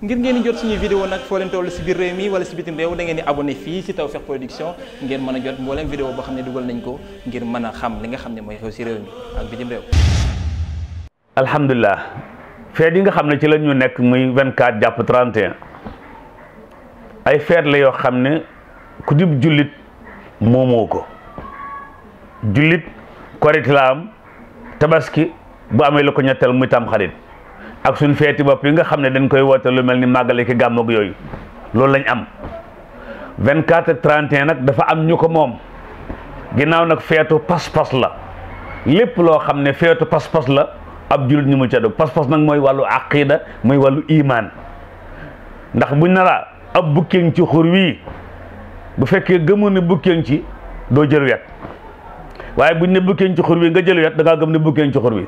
ngir ngeen jot suñu vidéo nag foo leen toll si biir réew mi wala si bitim réew da ngeen di abonné fii si Tawfekh Production ngeen mën a jot mbooleem vidéo boo xam ne dugal nañ ko ngir mën a xam li nga xam ne mooy xew si réew mi ak bitim réew alhamdulilah feet yi nga xam ne ci la ñu nekk muy 24 jàpp 31 ay feet la yoo xam ne ku dib jullit moomoo ko jullit korit la am tabaski bu amee la ko ñetteel muy tam ak suñ feeti bopp yi nga xam ne dañ koy woote lu mel ni màggale ki gàmm ak yooyu loolu lañ am 24 ak 31 nag dafa am ñu ko moom ginnaaw nag feetu pas-pas la lépp loo xam ne feetu pas-pas la ab jullit ñu mu ca pas-pas nag mooy wàllu aqida mooy wàllu imaan ndax buñ na laa ab bukkeeŋ ci xur wii bu fekkee gëmoon ne bukkeeŋ ci doo jël wet waaye buñ ne bukkeeŋ ci xur wi nga jël wet dangaa ngaa gëm ne bukkeeŋ ci xur wi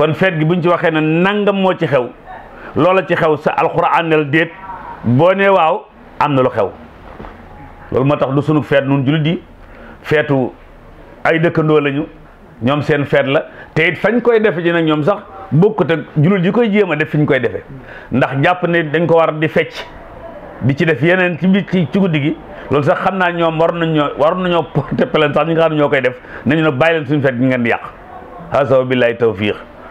kon feet gi buñ ci waxee na nangam moo ci xew loola ci xew sa alxuraan nel déet boo nee waaw am na lu xew loolu moo tax du sunu feet nun jullit yi feetu ay dëkkandoo lañu ñoom seen feet la te it fañ koy defe ji ñoom sax bokkut ak jullit yi koy jéem a def fi ñu koy defee ndax jàpp ne dañ ko war di fecc di ci def yeneen ci biir ci guddi gi loolu sax xam naa ñoom war nañ ñoo war nañoo porter plainte sax ñi nga xam ne ñoo koy def nañu ne bàyyi leen suñu feet gi ngeen di yàq hasawa billahi tawfiq